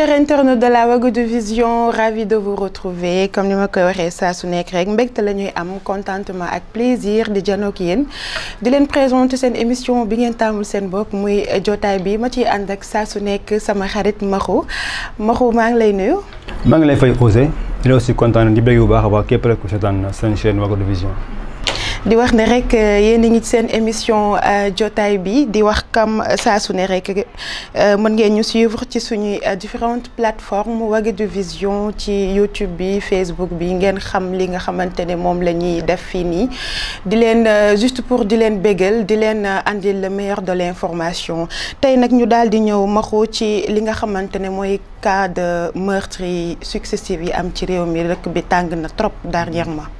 chers internautes de la de Vision ravi de vous retrouver comme je vous je su très contentement plaisir de vous présenter cette émission bi ngeen de vous présenter. bi ma su vous sama xarit mang lay nuyu. lay fay aussi de vous Vision di wax ne rek euh, yéen ngi ci sen émission euh, jotaay bi di wax kam euh, sa su ne rek mën ngeen ñu suivre ci suñu différentes plateformes de Vision ci YouTube bi Facebook bi ngeen xam li nga xamante mom lañuy def fii nii di leen juste pour di leen bégal di leen andil le meilleur de l'information tay nak ñu dal di ñew maxu ci li nga xamante moy cas de meurtre yi successifs yi am ci réew mi rek bi tang na trop dernièrement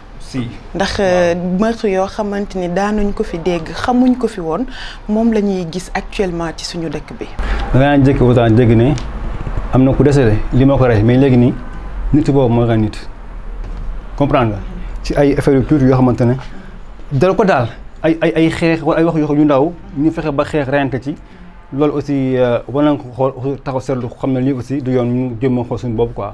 si ndax euh, meurtre yoo xamante ni daanuñ ko fi dégg xamuñ ko fi woon moom la ñuy gis actuellement ci suñu dëkk bi. danaa jékki autant dégg ne am na ku décédé li ma ko rey mais léegi nii nit boobu moo nit comprendre nga ci ay affaire yu tuuti yoo xamante ne dara ko daal ay ay ay xeex wala ay wax yoo yu ndaw ñu fexe ba xeex reyante ci. loolu aussi euh, war nañ ko xool taxaw seetlu xam ne lii aussi du yoon ñu jéem a xool suñu bopp quoi.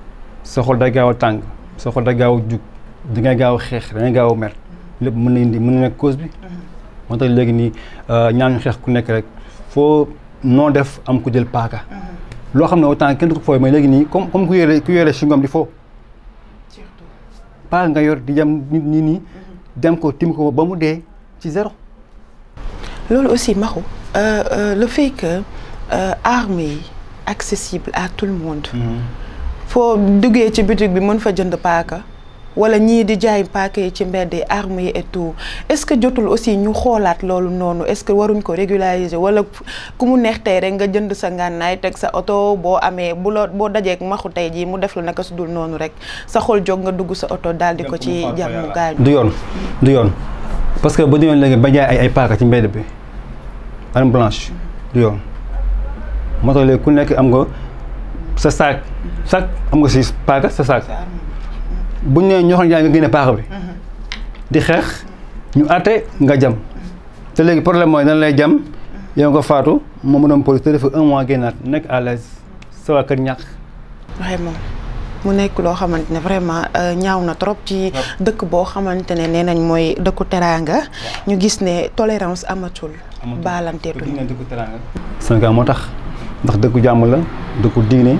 soxol tàng gaaw mer lépp mën na mën cause bi. Mhm. moo tax léegi nii euh, ñaan ku nekk rek foo noo def am ko jël paaka. Mhm. loo xam ne autant kenn du ko comme comme ku ku di nga yor di nit mhm. dem ko tim ko ba mu ci zéro. aussi euh, euh, le fait que euh, armes accessible à tout le monde. foo duggee ci boutique bi mën fa jënd paaka wala ñii di jaay paaka yi ci mbedd yi armes yi et tout ce que jotul aussi ñu xoolaat loolu noonu est-ce que waruñ ko régulariser wala ku mu neex tey rek nga jënd sa ngànnaay teg sa oto boo amee bu la boo dajeek maxu tey jii mu def la naka su dul noonu rek sa xol jóg nga dugg sa oto daal di ko ci jàmm gaañ du yoon du yoon parce que bu ñu yoon léegi ba jaay ay ay paaka ci mbedd bi arme blanche du yoon moo tax léegi ku nekk am nga Sesak, sak, saak am nga si paaka sa saak buñ ne ñoo xam nga génne paaka bi di xeex ñu atte nga jam te léegi problème mooy dañ lay jam yow nga faatu mo mu doon police te dafa mois génnaat nekk à l'aise sa kër ñàkk vraiment mu nekk loo xamante ne vraiment euh, ñaaw na trop ci dëkk boo xamante ne nee nañ mooy dëkku teraanga ñu gis ne tolérance amatul baalanteetu dëkku teraanga Sénégal moo tax ndax dëkku jàmm la dëkku diine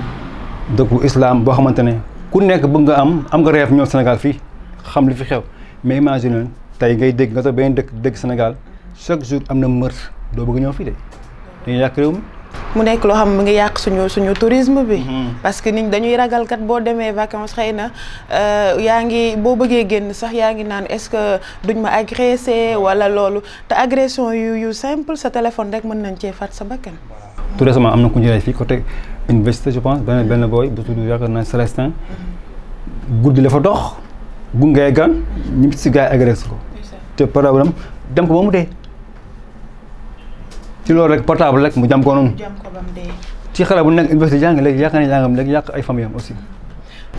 dëkku islam boo xamante ne ku nekk bëgg nga am am nga rêve ñëw Sénégal fii xam li fi xew mais imagine tey ngay dégg nga toog beneen dëkk dëkk Sénégal chaque jour am na meurtre doo bëgg ñëw fii de dañuy yàq réew mi. mu nekk loo xam mu ngi yàq suñu suñu tourisme bi. Mm-hmm. parce que nit dañuy ragalkat boo demee vacances xëy na euh, yaa ngi boo bëggee génn sax yaa ngi naan est-ce que duñ ma agressé walla loolu te agression yu yu simple sa téléphone rek mën nañ cee faat sa bakkan. tout récemment am na ku ñu rey fii côté université je pense benn benn booy bu tudd yaakaar naa Célestin guddi la fa dox bu ngay gan ñu si gars yi agressé ko te problème dem ko ba mu dee ci loolu rek portable rek mu jam ko noonu ci xale bu nekk université jàng léegi yàq na jàngam ay famille am aussi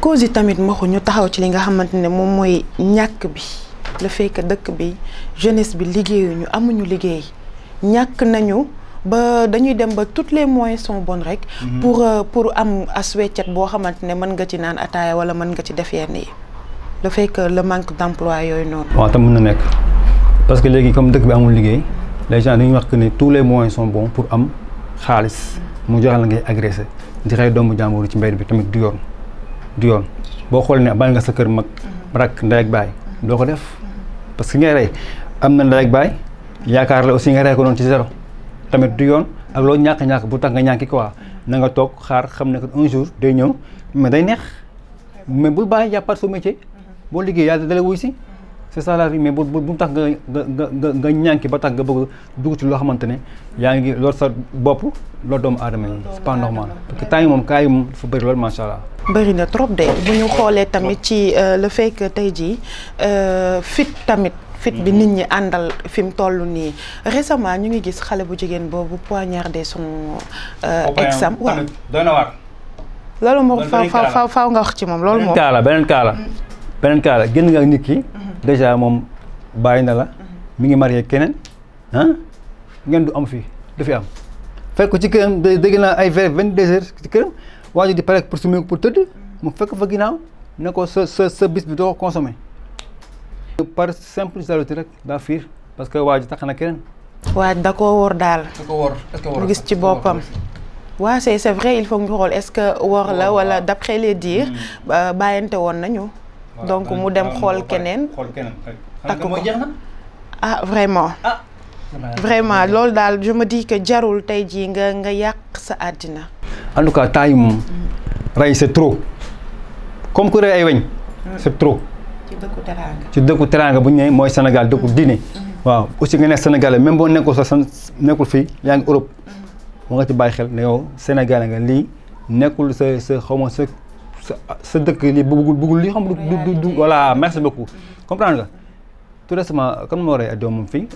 cause yi tamit maxu ñu taxaw ci li nga xamante ne moom mooy ñàkk bi le fait dëkk bi jeunesse bi ñu amuñu liggéey ñàkk nañu ba dañuy dem ba toutes les moyens sont bons rek. Mhm. pour euh, pour am as bo xamantene xamante nga ci nan ataya wala mën nga ci def yenn le fait que le manque d'emploi yoy non noonu. waaw tam mën na nekk parce que légui comme dëkk bi amul liggéey les gens dañuy wax que ni tous les moyens sont bons pour am xaalis mu joxal ngay agresser di rey doomu jàmbur ci mbedd bi tamit du yoon du yoon bo xol ne ba nga sa kër mag mhm. rakk ndey ak bay doo ko def mhm. parce que ngay rey am na ndey ak bay yaakar la aussi nga rey ko non ci zéro. tamit du yoon ak loo ñàkk ñàkk bu tax nga ñànki quoi na nga toog xaar xam ne un jour day ñëw mais day neex mais bul bàyyi jàppaat sa métier boo liggéey yàlla dala wuy si c' est ça la vie mais bu bu tax nga nga nga nga ñànki ba tax nga bëgg dugg ci loo xamante ne yaa ngi loolu sa bopp loolu doomu aadama yi c' pas normal parce que temps yi moom kaa yi moom dafa bëri loolu macha allah bëri na trop de bu ñu xoolee tamit ci euh, le fait que tey jii euh, fit tamit fit bi mhm. nit ñi andal fim tollu ni récemment ñu ngi gis xalé bu jigéen boobu poignardé son euh, exam wa doy na lolu mo fa fa fa fa nga wax ci mom lolu mo kala benen kala mm. benen kala genn nga nit ki mm-hmm. déjà mom bayina la mm-hmm. mi ngi marié kenen hein ngeen du am fi du fi am fekk ci keum dégg na ay 22 vingt heures ci keum di pare pour sumee pour teud mm. mu fekk fa ginaaw ne ko ce ce bis bi do ko par simple de rek parce que est-ce que wor c'est c'est vrai il faut est-ce que wor la wala d'après les dires. Hmm. nañu. donc mu dem ah vraiment. ah vraiment je me dis que jarul nga nga sa adina en tout cas hmm. c'est trop. comme hmm. c'est trop ci dëkku teranga bu ñëw moy Sénégal dëkku diine mhm. waaw aussi nga nekk sénégalais même bo nekkul sa nekkul fi yaa ngi Europe mo mhm. nga ci bay xel né yow sénégalais nga li nekkul sa sa xaw sa sa dëkk li bëggul bëggul li xam du du voilà merci beaucoup mhm. comprendre nga tout récemment kan mo ray ak fi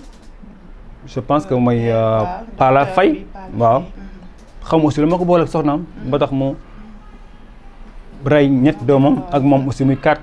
je pense que mooy euh, Pala fay waaw xam aussi lu ma ko soxnam ba tax mo ray ñet doomam ak mom aussi muy carte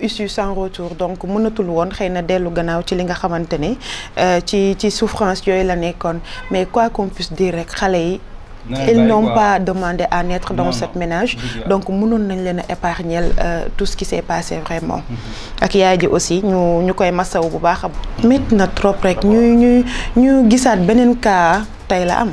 issue sans retour donc mënatul won xeyna delu gannaaw ci li nga xamantene euh, ci ci souffrance yoy la nekkoon mais quoi qu'on puisse dire rek yi ils n'ont pas demandé à naître dans cette ménage donc mënon nañ leen a épargner euh, tout ce qui s'est passé vraiment mm-hmm. ak yaay ji aussi ñu ñukoy koy bu baax a mm-hmm. na trop rek ñuy ñuy ñu gissat benen cas tay la am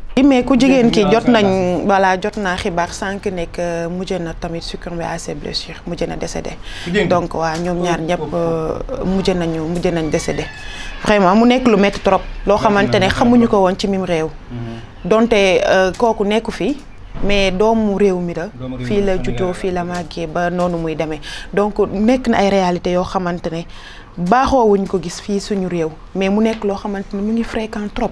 mais ku jigéen ki jot nañ voilà jot naa xibaar sànq nekk mujj na tamit succombé à ses blessures mujj na décédé donc waa ñoom ñaar ñëpp oh, oh, oh. mujj nañu mujj nañ décédé vraiment mu nekk lu métti trop loo xamante ne xamuñu ko woon ci mim réew mm-hmm. donte euh, kooku nekku fi mais doomu réew mi la fii la juddoo fii la màggee ba noonu muy demee donc nekk na ay réalité yoo xamante ne baaxoowuñ ko gis fii suñu réew mais mu nekk loo xamante ne mu ngi fréquent trop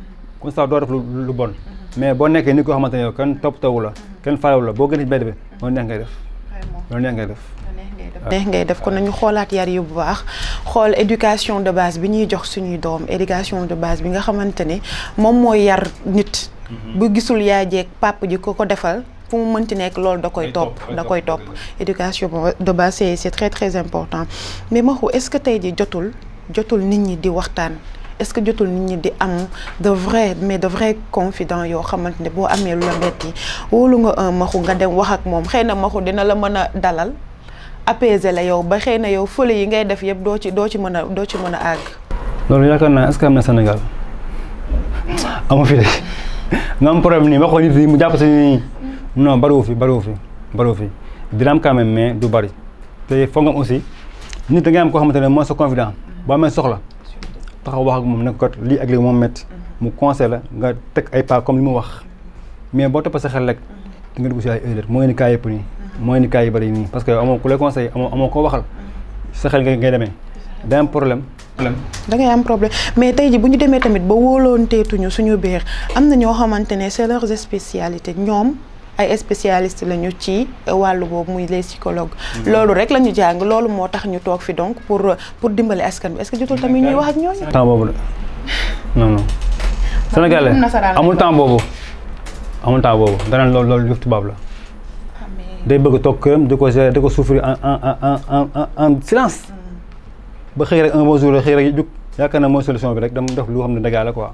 kun sa doof doo lu bon mais bo nekkee ni ko xamante kan top kenn toppatoowu la kenn faalewu la boo gën a ci mbedd bi loolu neex ngay def loolu neex ngay def neex ngay def kon nañu xolaat yar yu bu baax xol éducation de base bi ñuy jox suñuy doom éducation de base bi nga xamante ne moom mooy yar nit mhm. bu gisul yaay jeeg pàpp ji ko ko defal fu maintenir mënti nekk loolu da koy topp da koy éducation de base c'est très très important mais moi, est-ce que tey dit jotul jotul nit ñi di waxtaan est-ce que jotul nit ñi di am de vrai mais de vrai confident yo xamantene bo amé amee lu la metti wóolu nga un maxu nga dem wax ak mom xëy na maxu dina la mëna dalal apaiser la yow ba xëy yow feulé yi ngay def yeb do ci do ci mëna do ci mëna ag lolu yakarna est-ce que am na Sénégal amu fi de nga problème ni waxoo nit yi mu japp si nii non baro fi baro fi baro fi dina am quand même mais du bari té fo nga aussi nit nga am ko xamantene mo mooy confident ba amee soxla. taxaw wax ak moom ne ko lii ak lii moom métti mu conseil la nga teg ay pas comme li mu wax mais boo toppee sa xel rek di nga dugg si ay erreur mooy ni yëpp nii mooy ni kaay nii parce que amoo ku lay conseil amoo amoo koo waxal sa xel ngay ngay demee day am problème da ngay am problème mais tey ji bu ñu demee tamit ba wóoloonteetuñu suñu biir am na ñoo xamante ne c'est leur spécialité ñoom ay spécialiste lañu ci walu boobu muy les psychologues mhm. lolu rek lañu jang lolu motax ñu fi donc pour pour dimbali askan est-ce que jottul tammi ñuy wax ak non non. Sénégalais amul temps bobu amul temps lolu lolu yuftu bab la. day bëgg tok diko diko souffrir en en en en en silence. Mm. ba xey rek un jour xey rek solution bi rek lu quoi.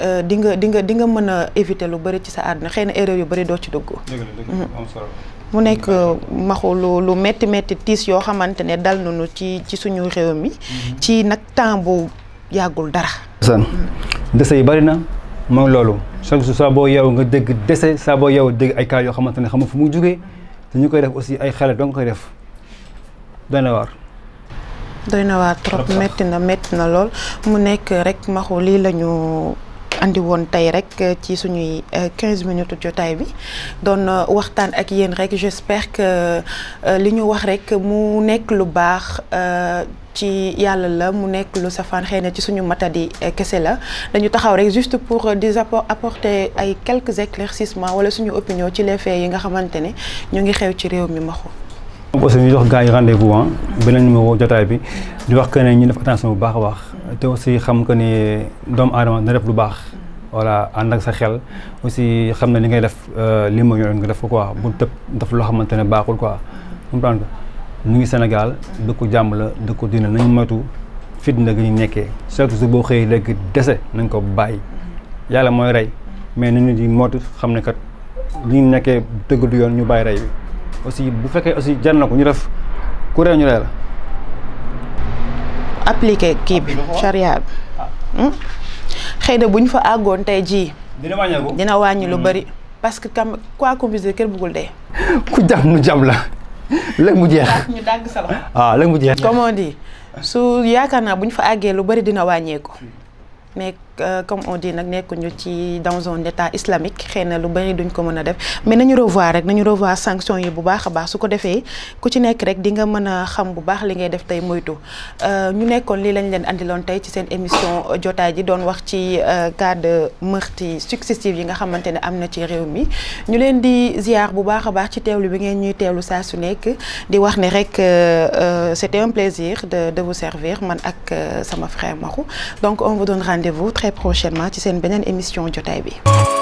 Euh, di nga di nga di nga mën a éviter lu bëri ci sa àdduna xëy na erreur yu bëri doo ci dugg. Mhm. mu nekk euh, maxu lu lu metti métti tiis yoo xamante ne dal nañu ci ci suñu réew mi. Mhm. ci nag temps bu yàggul dara. san mhm. dese yu bëri na moom loolu chaque jour saa boo yeewu nga dégg dese saa boo yeewu dégg ay cas yoo xamante ne xam nga fu mu jugee te ñu koy def aussi ay xale dong koy def doy na waar. doy na waar trop métti na métti na lool mu nekk rek maxu lii lañu andi won tay rek euh, ci suñuy 15 euh, minutes jotay bi don euh, waxtaan ak yéen rek j'espère que liñu wax rek mu nek lu bax ci yalla la mu nek lu safaan xëy ci suñu matadi kese la dañu taxaw rek juste pour des apports apporter ay quelques éclaircissements wala suñu opinion ci les faits yi nga xamantene ne ñu ngi xew ci réew mi maxu aussi ñu jox gaay rendez-vous hein benen numéro jotay bi di wax que ne ñu def attention bu baax wax te aussi xam que ni doomu aadama dina def lu baax. voilà ànd ak sa xel aussi xam na li ngay def euh, li ma yoroon nga def ko quoi bu tëb def loo xamante ne baaxul quoi. comprendre que ñu ngi Sénégal dëkku jàmm la dëkku dina nañ moytu fitna gi ñu nekkee chaque jour boo xëyee léegi dese nañ ko bàyyi. yàlla mooy rey mais nañu di moytu xam ne kat li ñu nekkee dëgg du yoon ñu bàyyi rey bi aussi bu fekkee aussi jar na ko ñu def ku rey ñu rey la. appliqué kii bi charia bi hmm? xëy na bu ñu fa àggoon tey jii. dina wàññi dina lu hmm. bari parce que kam quoi qu'on puisse kër bëggul dee. ku jam nu jam la léegi mu jeex. ñu dàgg sa ah, mu jeex. comme on su yaakaar naa bu ñu fa àggee lu bari dina wàññeeku mais. Euh, comme on dit nag nekkuñu ci dans un état islamique xéna lu bari duñ ko mëna def mais nañu revoir rek nañu revoir sanctions yi bu baax baax su ko défé ku ci nekk rek di nga mëna xam bu baax li ngay def tay moytu euh ñu nekkoon li lañ leen andiloon tay ci sen émission jotaay ji doon wax ci euh, cas de meurtre successifs yi nga xamante ne am ci réew mi ñu leen di ziar bu baax baax ci téwlu bi ngeen ñuy téwlu sa su nekk di wax né rek euh, c'était un plaisir de de vous servir man ak sama frère Makhou donc on vous donne rendez-vous très prochainement ci une bonne émission de bi